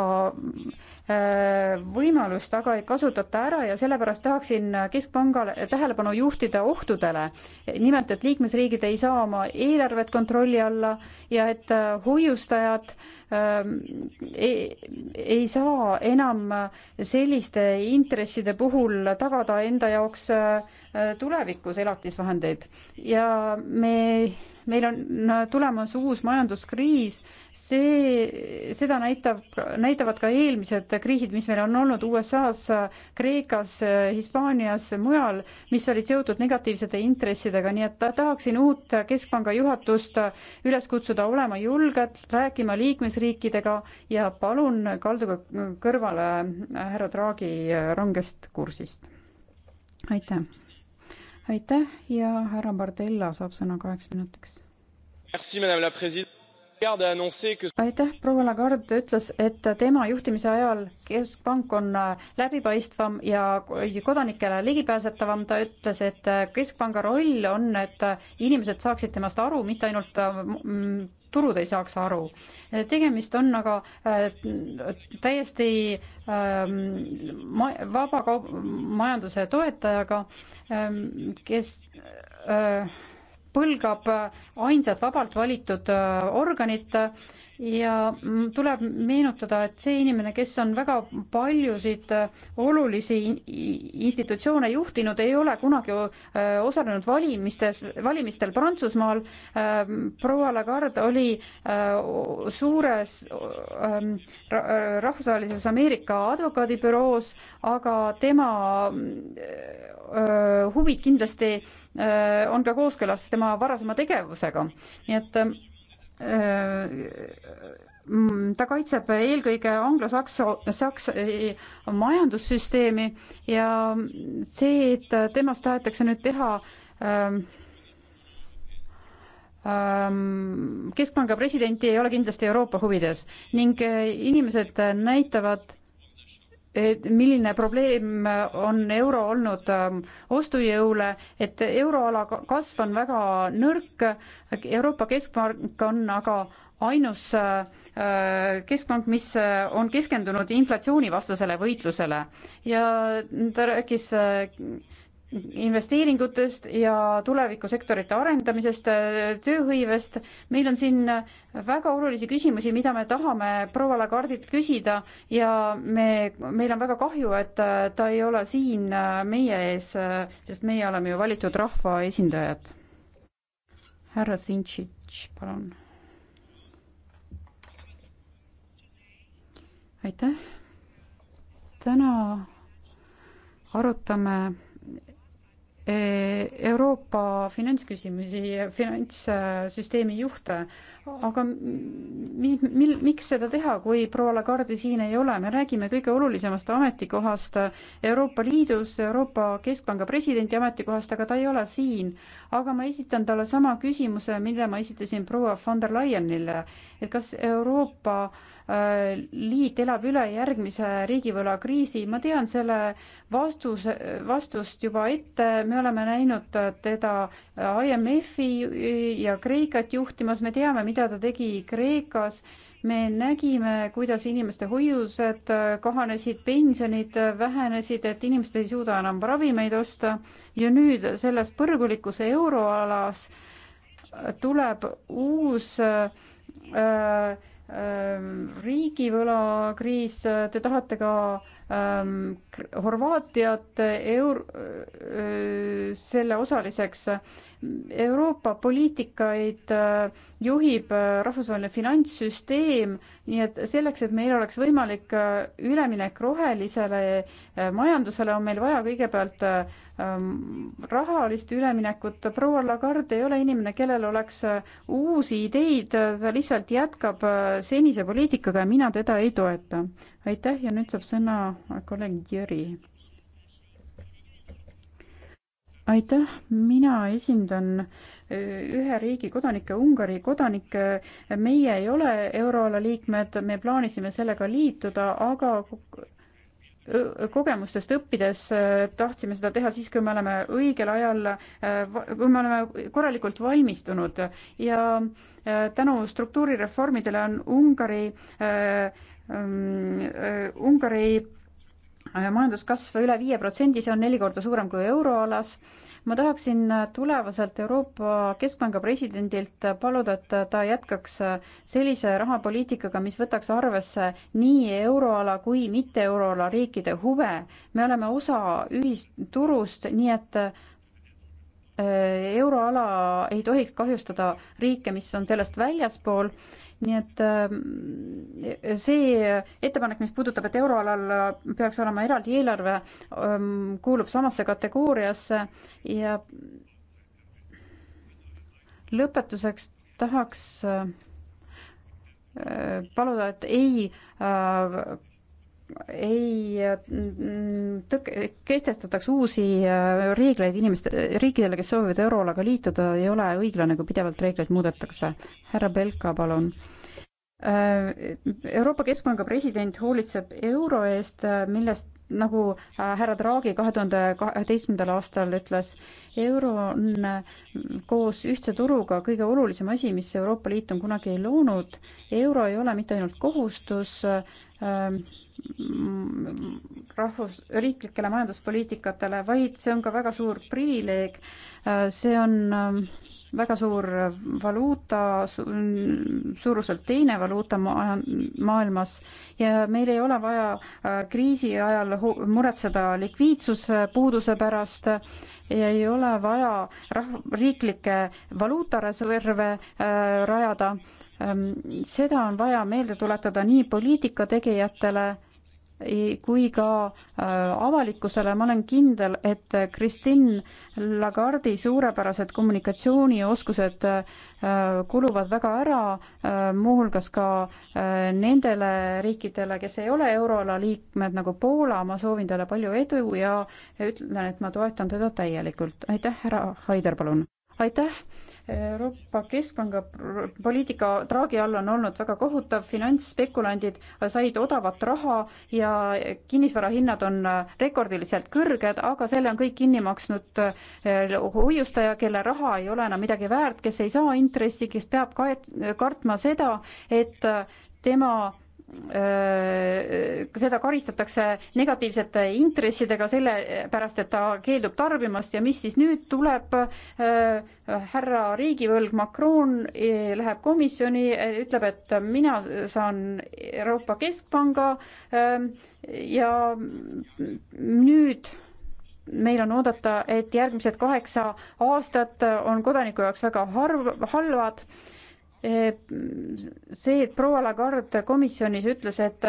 äh, võimalust aga ei kasutata ära ja sellepärast tahaksin Keskpangale tähelepanu juhtida ohtudele. nimelt, et liikmesriigid ei saa oma eelarvet kontrolli alla ja et äh, hoiustajad ähm, ei, ei saa enam selliste intresside puhul tagada enda jaoks äh, tulevikus elatisvahendeid ja me meil on tulemas uus majanduskriis, see, seda näitab, näitavad ka eelmised kriisid, mis meil on olnud USA-s, Kreekas, Hispaanias, mujal, mis olid seotud negatiivsete intressidega, nii et tahaksin uut Keskpanga juhatust üles kutsuda olema julged, rääkima liikmesriikidega ja palun kalduge kõrvale härra Draghi rangest kursist. aitäh! aitäh ja härra Bardella saab sõna kaheks minutiks aitäh, proua Lagarde ütles, et tema juhtimise ajal keskpank on äh, läbipaistvam ja kodanikele ligipääsetavam, ta ütles, et äh, keskpanga roll on, et äh, inimesed saaksid temast aru, mitte ainult turud ei saaks aru. tegemist on aga täiesti ähm, vaba majanduse toetajaga, ähm, kes öö, põlgab äh, ainsat vabalt valitud äh, organit äh, ja tuleb meenutada, et see inimene, kes on väga paljusid olulisi institutsioone juhtinud, ei ole kunagi osalenud valimistes, valimistel Prantsusmaal. proua Lagarde oli suures ähm, rahvusvahelises Ameerika advokaadibüroos, aga tema huvid kindlasti Äh, on ka kooskõlas tema varasema tegevusega, nii et äh, mm, ta kaitseb eelkõige anglosaksaks äh, majandussüsteemi ja see, et temast tahetakse nüüd teha ähm, ähm, keskpanga presidenti ei ole kindlasti Euroopa huvides ning inimesed näitavad et milline probleem on euro olnud ähm, ostujõule, et euroala kasv on väga nõrk, Euroopa Keskpank on aga ainus äh, keskpank, mis äh, on keskendunud inflatsioonivastasele võitlusele ja ta rääkis äh, investeeringutest ja tulevikusektorite arendamisest, tööhõivest. meil on siin väga olulisi küsimusi, mida me tahame proua Lagardilt küsida ja me, meil on väga kahju, et ta ei ole siin meie ees, sest meie oleme ju valitud rahvaesindajad. härra Sintšitš, palun. aitäh. täna arutame Eh, Euroopa finantsküsimusi, finantssüsteemi juhte, aga mis, mil, miks seda teha, kui proua Lagarde siin ei ole, me räägime kõige olulisemast ametikohast Euroopa Liidus, Euroopa Keskpanga presidendi ametikohast, aga ta ei ole siin. aga ma esitan talle sama küsimuse, mille ma esitasin proua von der Leyenile, et kas Euroopa äh, Äh, liit elab üle järgmise riigivõlakriisi, ma tean selle vastuse, vastust juba ette, me oleme näinud teda IMF-i ja Kreekat juhtimas, me teame, mida ta tegi Kreekas me nägime, kuidas inimeste hoiused kahanesid, pensionid vähenesid, et inimesed ei suuda enam ravimeid osta ja nüüd selles põrgulikus euroalas tuleb uus äh, Ehm, riigivõlakriis, te tahate ka ähm, Horvaatiat eur- äh,, selle osaliseks. Euroopa poliitikaid äh, juhib äh, rahvusvaheline finantssüsteem, nii et selleks, et meil oleks võimalik äh, üleminek rohelisele äh, majandusele, on meil vaja kõigepealt äh, Ehm, rahalist üleminekut. proua Lagarde ei ole inimene, kellel oleks äh, uusi ideid, ta lihtsalt jätkab äh, senise poliitikaga ja mina teda ei toeta. aitäh ja nüüd saab sõna äh, kolleeg Jüri. aitäh, mina esindan ühe riigi kodanikke, Ungari kodanikke. meie ei ole euroala liikmed, me plaanisime sellega liituda, aga kogemustest õppides äh, tahtsime seda teha siis, kui me oleme õigel ajal, äh, kui me oleme korralikult valmistunud ja äh, tänu struktuurireformidele on Ungari äh,, ähm, äh, Ungari majanduskasv üle viie protsendi, see on neli korda suurem kui euroalas äh, ma tahaksin tulevaselt Euroopa Keskpanga presidendilt paluda, et ta jätkaks sellise rahapoliitikaga, mis võtaks arvesse nii euroala kui mitte euroala riikide huve. me oleme osa ühisturust, nii et äh, euroala ei tohiks kahjustada riike, mis on sellest väljaspool nii et ähm, see ettepanek, mis puudutab, et euroalal peaks olema eraldi eelarve, ähm, kuulub samasse kategooriasse ja lõpetuseks tahaks äh, paluda, et ei äh, ei mm, tõk-, kehtestataks uusi äh, reegleid inimeste, riikidele, kes soovivad euroalaga liituda, ei ole õiglane, kui pidevalt reegleid muudetakse. härra Belka, palun Äh, Euroopa Keskpanga president hoolitseb euro eest, äh, millest nagu äh, härra Draghi kahe tuhande kaheteistkümnendal aastal ütles, euro on koos ühtse turuga kõige olulisem asi, mis Euroopa Liit on kunagi loonud. euro ei ole mitte ainult kohustus rahvus, riiklikele majanduspoliitikatele, vaid see on ka väga suur privileeg. see on väga suur valuuta, suuruselt teine valuuta ma maailmas ja meil ei ole vaja äh, kriisi ajal muretseda likviidsuspuuduse pärast ja ei ole vaja riiklikke valuutareserve äh, rajada. Ähm, seda on vaja meelde tuletada nii poliitikategijatele kui ka äh, avalikkusele, ma olen kindel, et Christine Lagardi suurepärased kommunikatsioonioskused äh, kuluvad väga ära, äh, muuhulgas ka nendele riikidele, kes ei ole euroala liikmed, nagu Poola, ma soovin talle palju edu ja ütlen, et ma toetan teda täielikult. aitäh, härra Haider, palun! aitäh! Euroopa Keskpanga poliitika traagi all on olnud väga kohutav, finantsspekulandid said odavat raha ja kinnisvarahinnad on rekordiliselt kõrged, aga selle on kõik kinni maksnud eh, hoiustaja, kelle raha ei ole enam midagi väärt, kes ei saa intressi, kes peab kaet-, kartma seda, et tema Äh, seda karistatakse negatiivsete intressidega selle pärast, et ta keeldub tarbimast ja mis siis nüüd tuleb äh,, härra riigivõlg Macron äh, läheb komisjoni, äh, ütleb, et mina saan Euroopa Keskpanga äh, ja nüüd meil on oodata, et järgmised kaheksa aastat on kodaniku jaoks väga harv, halvad äh, see, et proua Lagarde komisjonis ütles, et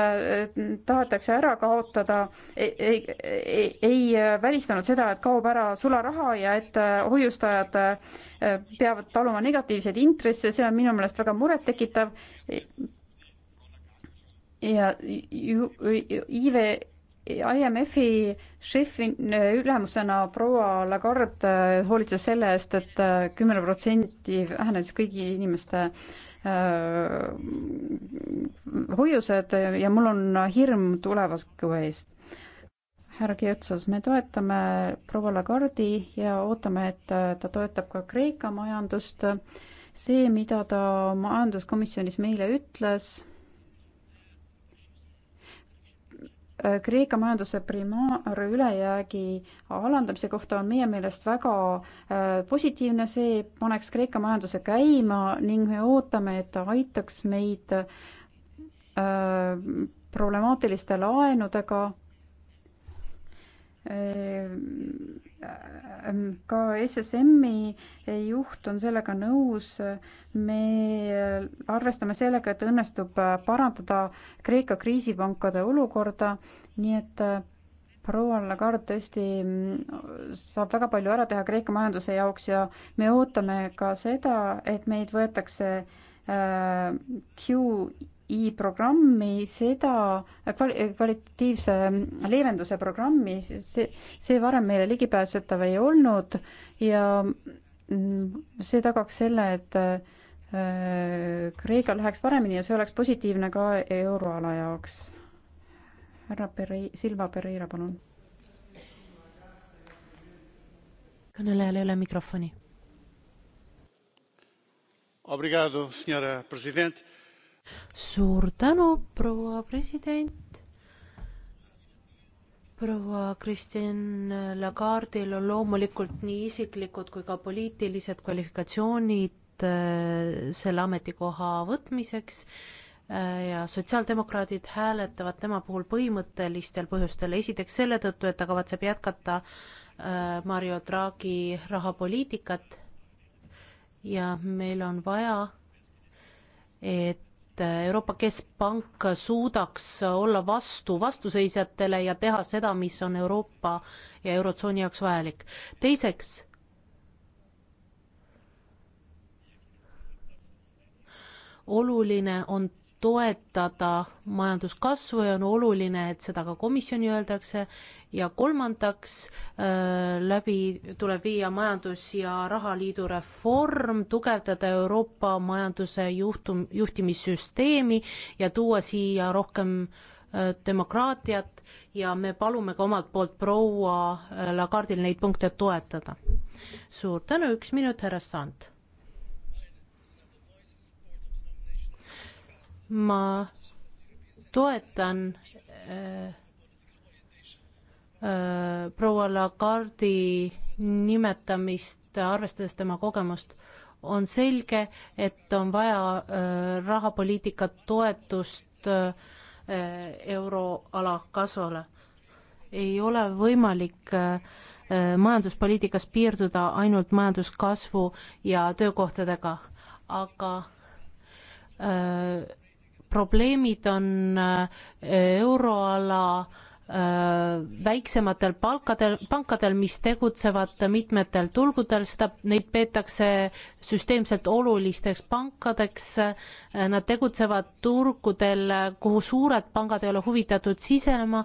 tahetakse ära kaotada, ei, ei, ei välistanud seda, et kaob ära sularaha ja et hoiustajad äh, peavad taluma negatiivseid intresse, see on minu meelest väga murettekitav. ja ju, ju, ju, Iive IMF-i šefi äh, ülemusena proua Lagarde äh, hoolitses selle eest et, et äh, kümme protsenti vähenes kõigi inimeste äh, hoiused ja mul on hirm tuleviku eest. härra Kirtsas, me toetame proua Lagarde'i ja ootame, et ta toetab ka Kreeka majandust. see, mida ta majanduskomisjonis meile ütles Kreeka majanduse primaar ülejäägi alandamise kohta on meie meelest väga äh, positiivne, see paneks Kreeka majanduse käima ning me ootame, et ta aitaks meid äh, problemaatiliste laenudega Ehm, ka SSM-i juht on sellega nõus. me arvestame sellega, et õnnestub parandada Kreeka kriisipankade olukorda, nii et äh, proua Lagarde tõesti mm, saab väga palju ära teha Kreeka majanduse jaoks ja me ootame ka seda, et meid võetakse äh, Q EI programmi, seda kvali-, kvalitatiivse leevenduse programmi, see, see varem meile ligipääsetav ei olnud ja see tagaks selle, et äh, Kreekal läheks paremini ja see oleks positiivne ka euroala jaoks. härra Perei-, Silva Pereira, palun. kõnelejal ei ole mikrofoni. Obrigado, senhora president suur tänu, proua president. proua Christine Lagarde'il on loomulikult nii isiklikud kui ka poliitilised kvalifikatsioonid äh, selle ametikoha võtmiseks äh, ja sotsiaaldemokraadid hääletavad tema puhul põhimõttelistel põhjustel. esiteks selle tõttu, et ta kavatseb jätkata äh, Mario Draghi rahapoliitikat ja meil on vaja, et et Euroopa Keskpank suudaks olla vastu vastuseisjatele ja teha seda, mis on Euroopa ja Eurotsooni jaoks vajalik. teiseks, oluline on toetada majanduskasvu ja on oluline, et seda ka komisjoni öeldakse, ja kolmandaks äh,, läbi tuleb viia majandus- ja rahaliidu reform, tugevdada Euroopa majanduse juhtum, juhtimissüsteemi ja tuua siia rohkem äh, demokraatiat ja me palume ka omalt poolt proua äh, Lagardil neid punkte toetada. suur tänu, üks minut, härra Sant ma toetan äh, äh, proua Lagardi nimetamist, arvestades tema kogemust, on selge, et on vaja äh, rahapoliitika toetust äh, euroala kasvule. ei ole võimalik äh, äh, majanduspoliitikas piirduda ainult majanduskasvu ja töökohtadega, aga äh, probleemid on äh, euroala äh, väiksematel palkadel, pankadel, mis tegutsevad mitmetel turgudel, seda, neid peetakse süsteemselt olulisteks pankadeks, nad tegutsevad turgudel, kuhu suured pangad ei ole huvitatud sisenema,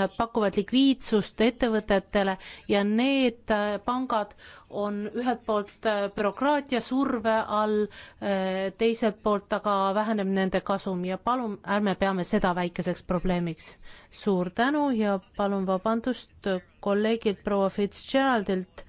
nad pakuvad likviidsust ettevõtetele ja need pangad on ühelt poolt bürokraatia surve all, teiselt poolt aga väheneb nende kasum ja palun ärme peame seda väikeseks probleemiks. suur tänu ja palun vabandust kolleegilt proua Fitzgeraldilt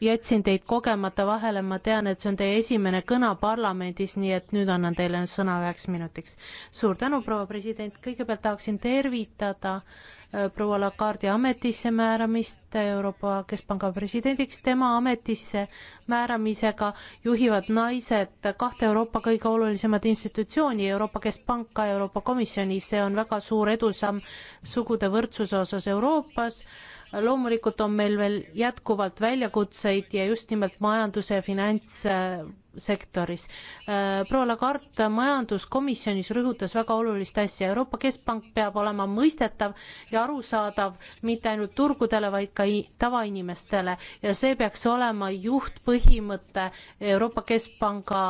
jätsin teid kogemata vahele, ma tean, et see on teie esimene kõne parlamendis, nii et nüüd annan teile sõna üheks minutiks. suur tänu, proua president, kõigepealt tahaksin tervitada äh, proua Lacardi ametisse määramist äh, Euroopa Keskpanga presidendiks, tema ametisse määramisega juhivad naised kahte Euroopa kõige olulisemat institutsiooni, Euroopa Keskpanka ja Euroopa Komisjoni, see on väga suur edusamm sugude võrdsuse osas Euroopas loomulikult on meil veel jätkuvalt väljakutseid ja just nimelt majanduse ja finantssektoris. Äh, proua Lagarde majanduskomisjonis rõhutas väga olulist asja, Euroopa Keskpank peab olema mõistetav ja arusaadav mitte ainult turgudele, vaid ka tavainimestele ja see peaks olema juhtpõhimõte Euroopa Keskpanga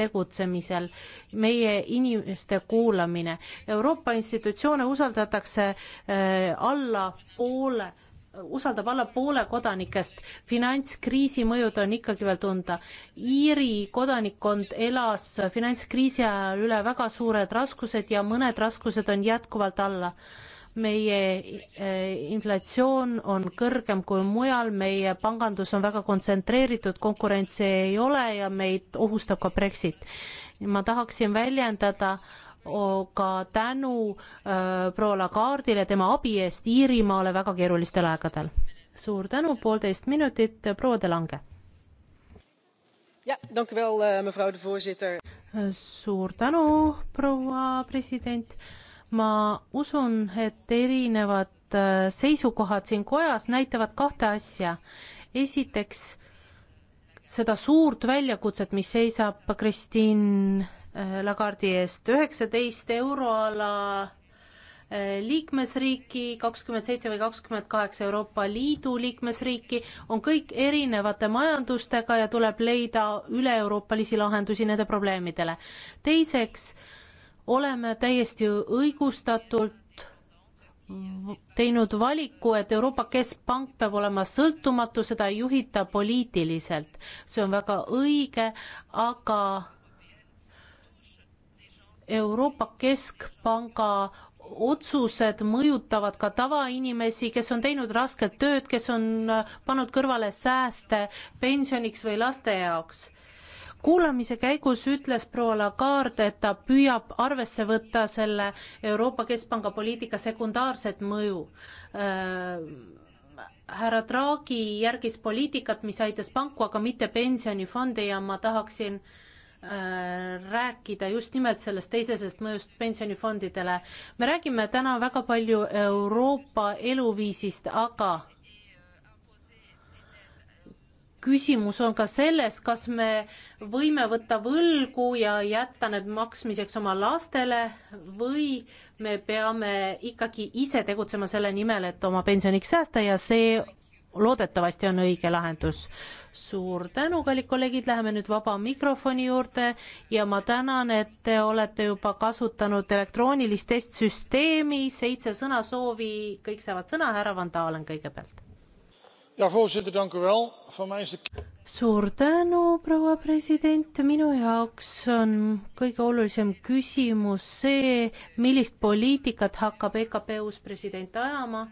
tegutsemisel. meie inimeste kuulamine, Euroopa institutsioone usaldatakse äh, alla poole usaldab alla poole kodanikest. finantskriisi mõjud on ikkagi veel tunda. Iiri kodanikkond elas finantskriisi ajal üle väga suured raskused ja mõned raskused on jätkuvalt alla. meie e, inflatsioon on kõrgem kui mujal, meie pangandus on väga kontsentreeritud, konkurentsi ei ole ja meid ohustab ka Brexit. ma tahaksin väljendada äh, ka tänu äh, proua Lagaardile tema abi eest Iirimaale väga keerulistel aegadel. suur tänu, poolteist minutit, äh, proua De Lange. Eh, äh, suur tänu, proua president. ma usun, et erinevad seisukohad siin kojas näitavad kahte asja. esiteks seda suurt väljakutset, mis seisab Kristiin Äh, Lagardi eest, üheksateist euroala äh, liikmesriiki, kakskümmend seitse või kakskümmend kaheksa Euroopa Liidu liikmesriiki, on kõik erinevate majandustega ja tuleb leida üle-euroopalisi lahendusi nende probleemidele. teiseks, oleme täiesti õigustatult teinud valiku, et Euroopa Keskpank peab olema sõltumatu, seda ei juhita poliitiliselt. see on väga õige, aga Euroopa Keskpanga otsused mõjutavad ka tavainimesi, kes on teinud rasket tööd, kes on äh, pannud kõrvale sääste pensioniks või laste jaoks. kuulamise käigus ütles proua Lagarde, et ta püüab arvesse võtta selle Euroopa Keskpanga poliitika sekundaarset mõju äh, härra Draghi järgis poliitikat, mis aitas panku, aga mitte pensionifonde ja ma tahaksin äh, Äh, rääkida just nimelt sellest teisesest mõjust pensionifondidele. me räägime täna väga palju Euroopa eluviisist, aga küsimus on ka selles, kas me võime võtta võlgu ja jätta need maksmiseks oma lastele või me peame ikkagi ise tegutsema selle nimel, et oma pensioniks säästa ja see loodetavasti on õige lahendus. suur tänu, kallid kolleegid, läheme nüüd vaba mikrofoni juurde ja ma tänan, et te olete juba kasutanud elektroonilist testsüsteemi, seitse sõnasoovi, kõik saavad sõna, härra Van Dalen kõigepealt. suur tänu, proua president, minu jaoks on kõige olulisem küsimus see, millist poliitikat hakkab EKP uus president ajama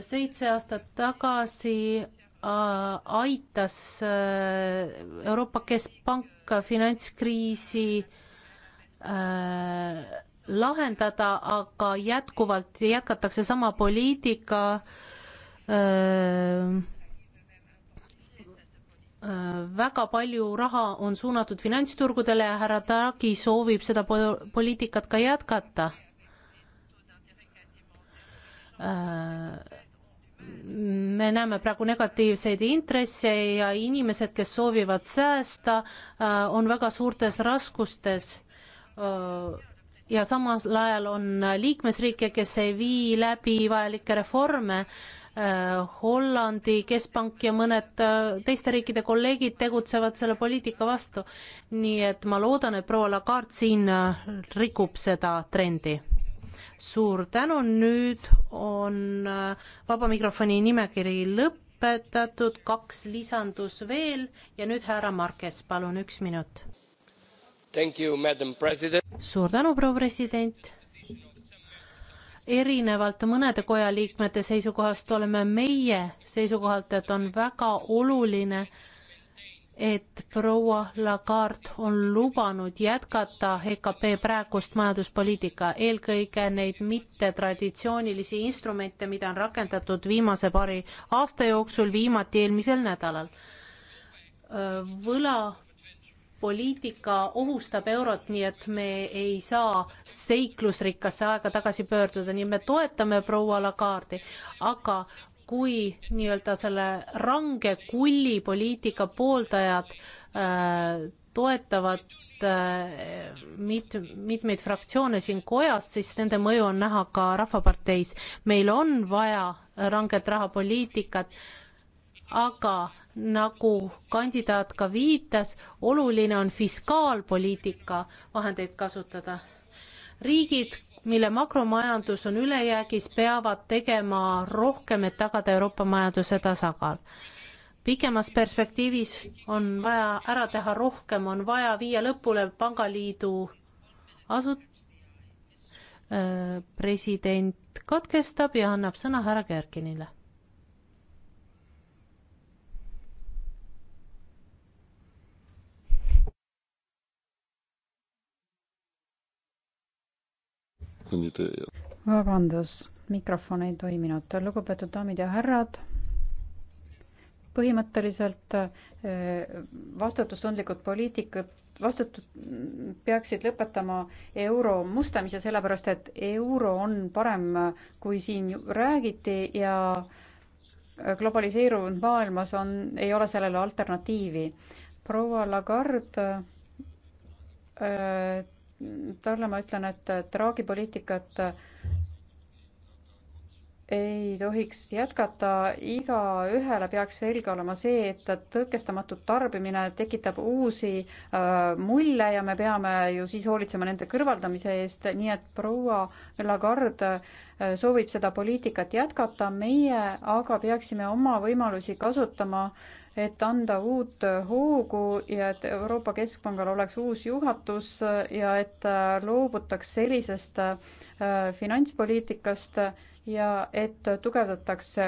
seitse aastat tagasi äh, aitas äh, Euroopa Keskpank finantskriisi äh, lahendada, aga jätkuvalt jätkatakse sama poliitika väga palju raha on suunatud finantsturgudele ja härra Draghi soovib seda poliitikat ka jätkata me näeme praegu negatiivseid intresse ja inimesed, kes soovivad säästa, äh, on väga suurtes raskustes. Äh, ja samas ajal on liikmesriike, kes ei vii läbi vajalikke reforme. Äh, Hollandi keskpank ja mõned teiste riikide kolleegid tegutsevad selle poliitika vastu. nii et ma loodan, et proua Lagarde siin rikub seda trendi suur tänu, nüüd on äh, vaba mikrofoni nimekiri lõpetatud, kaks lisandus veel ja nüüd härra Markes, palun üks minut. suur tänu, proua president erinevalt mõnede koja liikmete seisukohast oleme meie seisukohalt, et on väga oluline äh, et proua Lagarde on lubanud jätkata EKP praegust majanduspoliitika, eelkõige neid mittetraditsioonilisi instrumente, mida on rakendatud viimase paari aasta jooksul, viimati eelmisel nädalal. võlapoliitika ohustab eurot, nii et me ei saa seiklusrikkasse aega tagasi pöörduda, nii et me toetame proua Lagarde'i, aga kui nii-öelda selle range kulli poliitika pooldajad äh, toetavad äh, mit-, mitmeid fraktsioone siin kojas, siis nende mõju on näha ka Rahvaparteis. meil on vaja ranget rahapoliitikat, aga nagu kandidaat ka viitas, oluline on fiskaalpoliitika vahendeid kasutada. riigid, mille makromajandus on ülejäägis, peavad tegema rohkem, et tagada Euroopa majanduse tasakaal. pikemas perspektiivis on vaja ära teha rohkem, on vaja viia lõpule pangaliidu asu-, äh, president katkestab ja annab sõna härra Kärkinile. vabandust, mikrofon ei toiminud. lugupeetud daamid ja härrad, põhimõtteliselt äh, vastutustundlikud poliitikud vastutud, peaksid lõpetama euro mustamise, sellepärast et euro on parem, kui siin räägiti ja globaliseerunud maailmas on, ei ole sellele alternatiivi. proua Lagarde äh, talle ma ütlen, et Draghi poliitikat ei tohiks jätkata, igaühele peaks selge olema see, et tõkestamatu tarbimine tekitab uusi äh, mulle ja me peame ju siis hoolitsema nende kõrvaldamise eest, nii et proua Lagarde äh, soovib seda poliitikat jätkata, meie aga peaksime oma võimalusi kasutama äh, et anda uut hoogu ja et Euroopa Keskpangal oleks uus juhatus ja et loobutaks sellisest äh, finantspoliitikast ja et tugevdatakse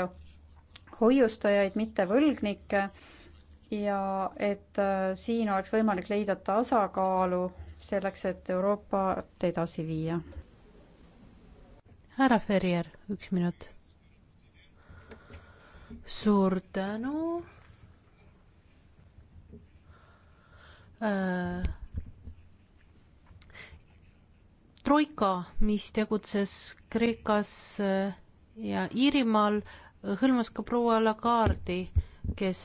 hoiustajaid, mitte võlgnikke ja et äh, siin oleks võimalik leida tasakaalu selleks, et Euroopat edasi viia. härra Ferrier, üks minut. suur tänu Äh, troika, mis tegutses Kreekas äh, ja Iirimaal, äh, hõlmas ka proua Lagardi, kes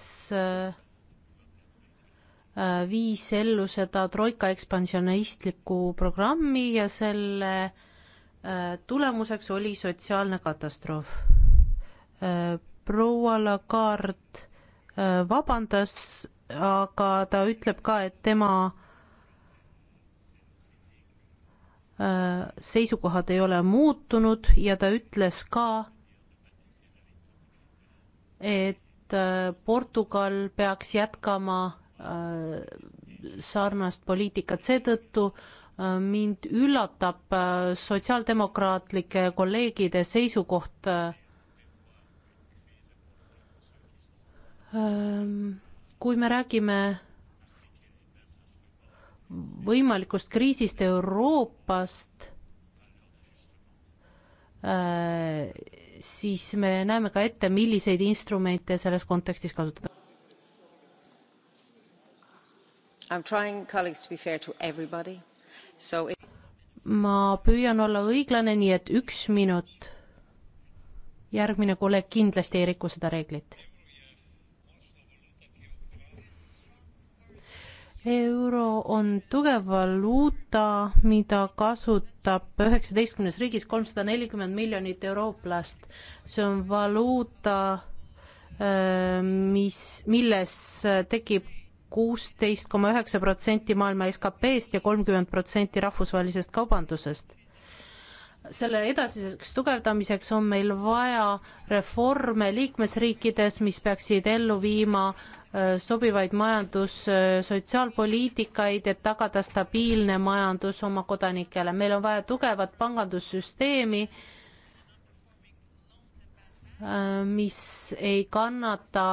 viis ellu seda troika ekspansionistlikku programmi ja selle tulemuseks oli sotsiaalne katastroof. proua Lagarde vabandas aga ta ütleb ka, et tema äh, seisukohad ei ole muutunud ja ta ütles ka, et äh, Portugal peaks jätkama äh, sarnast poliitikat, seetõttu mind üllatab sotsiaaldemokraatlike kolleegide seisukoht ähm, kui me räägime võimalikust kriisist Euroopast, äh, siis me näeme ka ette, milliseid instrumente selles kontekstis kasutada. It... ma püüan olla õiglane, nii et üks minut. järgmine kolleeg kindlasti ei riku seda reeglit euro on tugev valuuta, mida kasutab üheksateistkümnes riigis kolmsada nelikümmend miljonit eurooplast. see on valuuta, äh, mis, milles tekib kuusteist koma üheksa protsenti maailma SKP-st ja kolmkümmend protsenti rahvusvahelisest kaubandusest selle edasiseks tugevdamiseks on meil vaja reforme liikmesriikides, mis peaksid ellu viima Äh, sobivaid majandus, äh, sotsiaalpoliitikaid, et tagada stabiilne majandus oma kodanikele. meil on vaja tugevat pangandussüsteemi, äh, mis ei kannata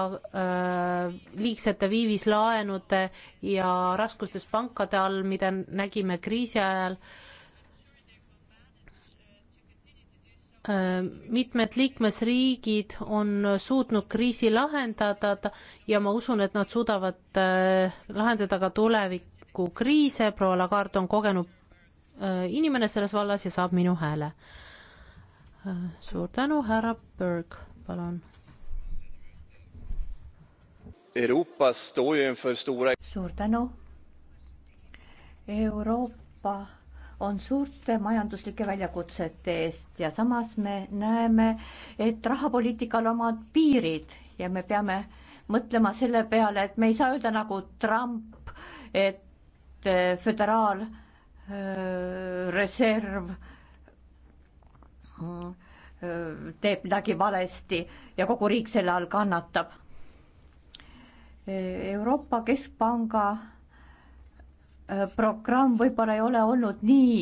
liigsete viivislaenude ja raskustes pankade all, mida nägime kriisi ajal Äh, mitmed liikmesriigid on suutnud kriisi lahendada ja ma usun, et nad suudavad äh, lahendada ka tuleviku kriise, proua Lagarde on kogenud äh, inimene selles vallas ja saab minu hääle. suur tänu, härra Berg, palun. suur tänu. Euroopa on suurte majanduslike väljakutsete eest ja samas me näeme, et rahapoliitikal omad piirid ja me peame mõtlema selle peale, et me ei saa öelda nagu Trump, et äh, föderaalreserv äh, äh, teeb midagi valesti ja kogu riik selle all kannatab. Euroopa Keskpanga Äh, programm võib-olla ei ole olnud nii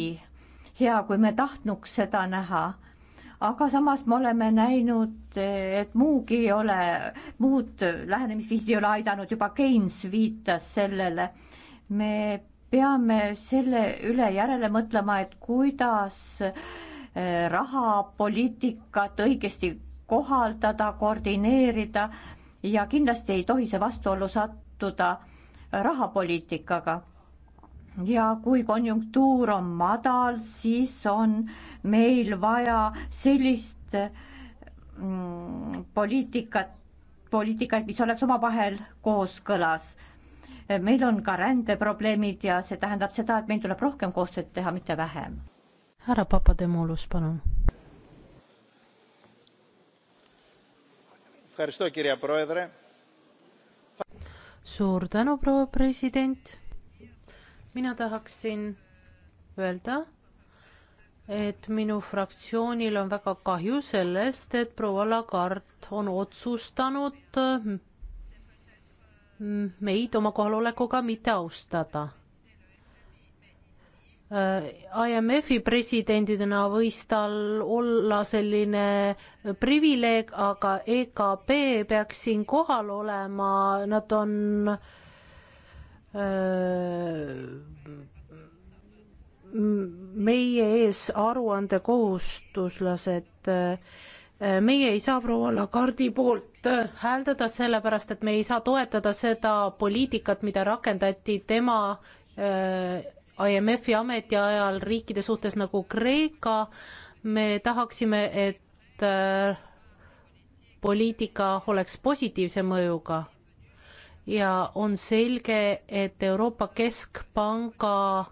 hea, kui me tahtnuks seda näha. aga samas me oleme näinud, et muugi ei ole, muud lähenemisviisid ei ole aidanud, juba Keynes viitas sellele. me peame selle üle järele mõtlema, et kuidas äh, rahapoliitikat õigesti kohaldada, koordineerida ja kindlasti ei tohi see vastuollu sattuda rahapoliitikaga ja kui konjunktuur on madal, siis on meil vaja sellist mm, poliitikat, poliitikaid, mis oleks omavahel kooskõlas. meil on ka rändeprobleemid ja see tähendab seda, et meil tuleb rohkem koostööd teha, mitte vähem. härra Papademolus, palun. suur tänu, proua president mina tahaksin öelda, et minu fraktsioonil on väga kahju sellest, et proua Lagarde on otsustanud meid oma kohalolekuga mitte austada. IMF-i presidendina võis tal olla selline privileeg, aga EKP peaks siin kohal olema, nad on äh, Äh, meie ees aruandekohustuslased. Äh, meie ei saa proua Lagardi poolt äh, hääldada, sellepärast et me ei saa toetada seda poliitikat, mida rakendati tema IMF-i ametiajal riikide suhtes nagu Kreeka. me tahaksime, et poliitika oleks positiivse mõjuga ja on selge, et Euroopa Keskpanga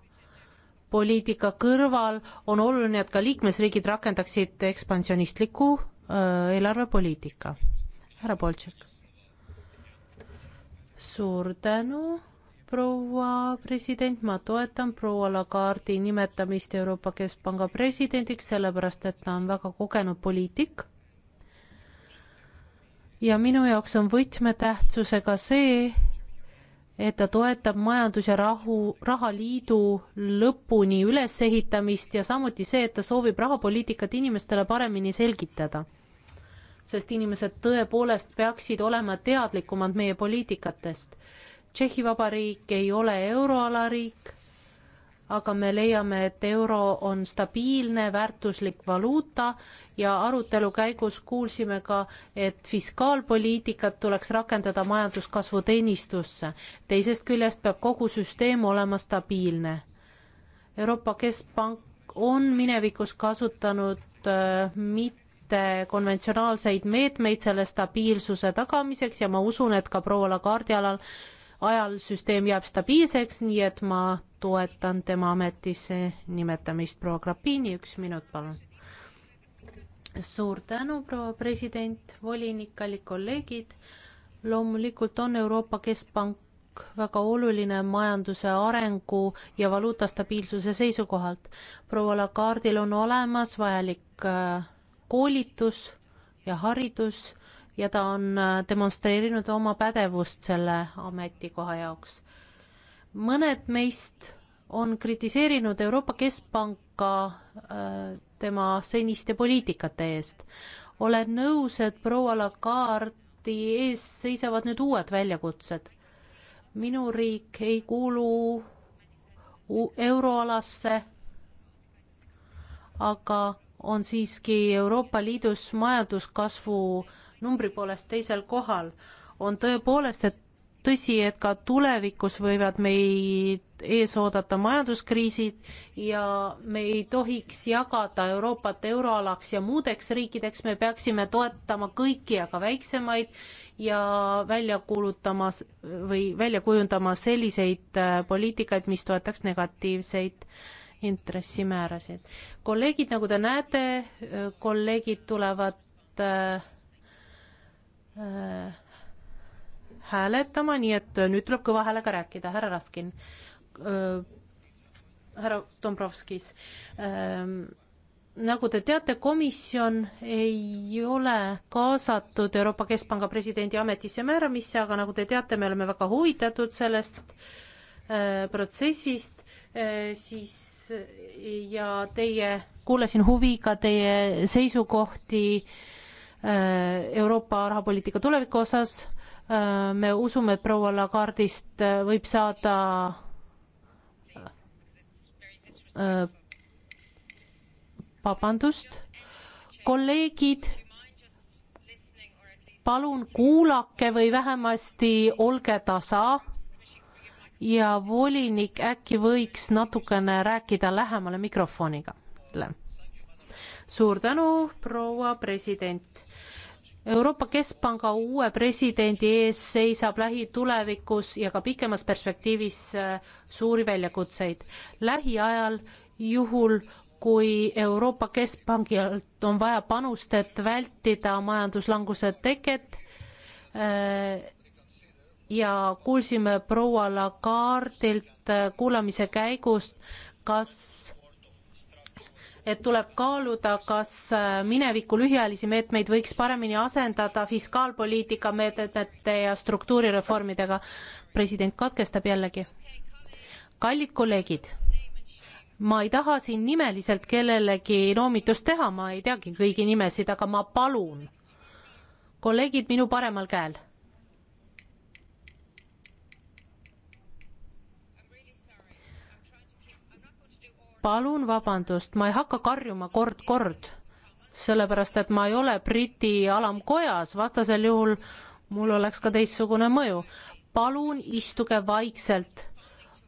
poliitika kõrval on oluline, et ka liikmesriigid rakendaksid ekspansionistlikku äh, eelarvepoliitika. härra Boltšik. suur tänu, proua president, ma toetan proua Lagardi nimetamist Euroopa Keskpanga presidendiks, sellepärast et ta on väga kogenud poliitik ja minu jaoks on võtmetähtsusega see, et ta toetab majandus- ja rahu, rahaliidu lõpuni ülesehitamist ja samuti see, et ta soovib rahapoliitikat inimestele paremini selgitada. sest inimesed tõepoolest peaksid olema teadlikumad meie poliitikatest. Tšehhi Vabariik ei ole euroala riik aga me leiame, et euro on stabiilne väärtuslik valuuta ja arutelu käigus kuulsime ka, et fiskaalpoliitikat tuleks rakendada majanduskasvu teenistusse. teisest küljest peab kogu süsteem olema stabiilne. Euroopa Keskpank on minevikus kasutanud äh, mitte konventsionaalseid meetmeid selle stabiilsuse tagamiseks ja ma usun, et ka proua Lagardi alal äh, ajal süsteem jääb stabiilseks, nii et ma toetan tema ametisse nimetamist. proua Grapini, üks minut, palun. suur tänu, proua president, volinik, kallid kolleegid. loomulikult on Euroopa Keskpank väga oluline majanduse arengu ja valuuta stabiilsuse seisukohalt. proua Lagardil on olemas vajalik äh, koolitus ja haridus ja ta on äh, demonstreerinud oma pädevust selle ametikoha jaoks. mõned meist on kritiseerinud Euroopa Keskpanka äh, tema seniste poliitikate eest. olen nõus, et proua Lagarde'i ees seisavad nüüd uued väljakutsed. minu riik ei kuulu euroalasse, aga on siiski Euroopa Liidus majanduskasvu äh, numbri poolest teisel kohal, on tõepoolest, et tõsi, et ka tulevikus võivad meid ees oodata majanduskriisid ja me ei tohiks jagada Euroopat euroalaks ja muudeks riikideks, me peaksime toetama kõiki, aga väiksemaid ja välja kuulutama või välja kujundama selliseid äh, poliitikaid, mis toetaks negatiivseid intressimäärasid. kolleegid, nagu te näete, äh, kolleegid tulevad äh, Äh, hääletama, nii et äh, nüüd tuleb kõva häälega rääkida, härra Raskin, äh, härra Dombrovskis, ähm, nagu te teate, komisjon ei ole kaasatud Euroopa Keskpanga presidendi ametisse määramisse, aga nagu te teate, me oleme väga huvitatud sellest öö, protsessist, siis ja teie, kuulasin huviga teie seisukohti äh, Äh, Euroopa rahapoliitika tuleviku osas. Äh, me usume, et proua Lagardist äh, võib saada vabandust, kolleegid, palun kuulake või vähemasti olge tasa ja volinik äkki võiks natukene rääkida lähemale mikrofoniga suur tänu, proua president. Euroopa Keskpanga uue presidendi ees seisab lähitulevikus ja ka pikemas perspektiivis äh, suuri väljakutseid. lähiajal juhul, kui Euroopa Keskpangilt on vaja panust, et vältida majanduslanguse teket äh, ja kuulsime proua Lagardilt äh, kuulamise käigus, kas et tuleb kaaluda, kas äh, mineviku lühiajalisi meetmeid võiks paremini asendada fiskaalpoliitika meetmete ja struktuurireformidega. president katkestab jällegi. kallid kolleegid, ma ei taha siin nimeliselt kellelegi noomitust teha, ma ei teagi kõigi nimesid, aga ma palun, kolleegid minu paremal käel palun vabandust, ma ei hakka karjuma kord-kord, sellepärast et ma ei ole Briti alamkojas, vastasel juhul mul oleks ka teistsugune mõju. palun istuge vaikselt.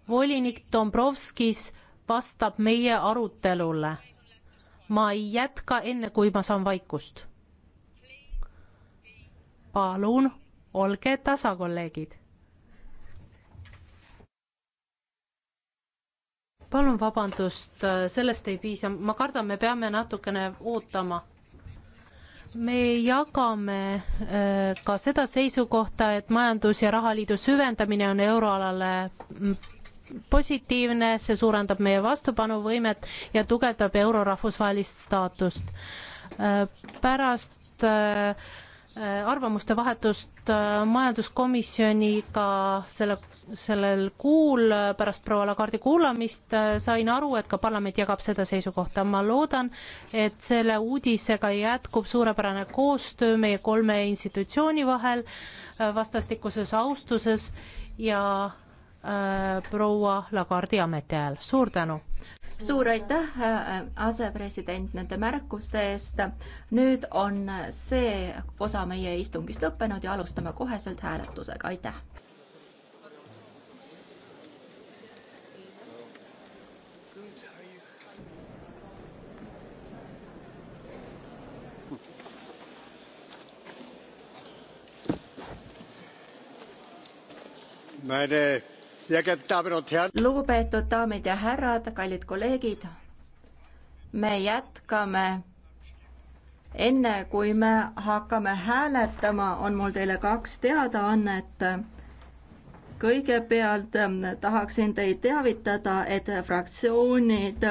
volinik Dombrovskis vastab meie arutelule. ma ei jätka enne, kui ma saan vaikust. palun, olge tasa, kolleegid palun vabandust, sellest ei piisa, ma kardan, me peame natukene ootama. me jagame äh, ka seda seisukohta, et majandus- ja rahaliidu süvendamine on euroalale mm, positiivne, see suurendab meie vastupanuvõimet ja tugevdab euro rahvusvahelist staatust. Äh, pärast äh, arvamuste vahetust majanduskomisjoniga selle sellel kuul pärast proua Lagardi kuulamist äh, sain aru, et ka parlament jagab seda seisukohta. ma loodan, et selle uudisega jätkub suurepärane koostöö meie kolme institutsiooni vahel äh, vastastikuses austuses ja äh, proua Lagardi ametiajal. suur tänu! suur aitäh, äh, asepresident, nende märkuste eest. nüüd on see osa meie istungist lõppenud ja alustame koheselt hääletusega, aitäh! lugupeetud daamid ja härrad, kallid kolleegid. me jätkame. enne kui me hakkame hääletama, on mul teile kaks teadaannet. kõigepealt ähm, tahaksin teid teavitada, et fraktsioonid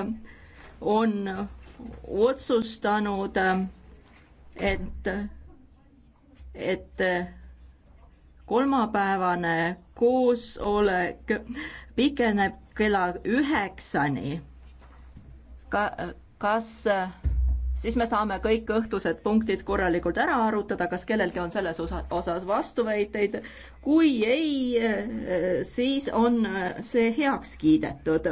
on otsustanud, ähm, et, et kolmapäevane koosolek pikeneb kella üheksani. ka, kas siis me saame kõik õhtused punktid korralikult ära arutada, kas kellelgi on selles osa, osas vastuväiteid. kui ei, siis on see heaks kiidetud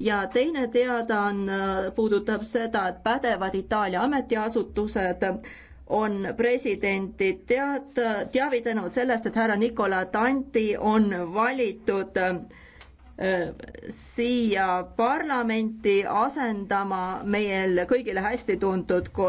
ja teine teadaanne puudutab seda, et pädevad Itaalia ametiasutused on presidenti tead-, teavitanud sellest, et härra Nikola Tanti on valitud äh, siia parlamenti asendama meil kõigile hästi tuntud kolleegi.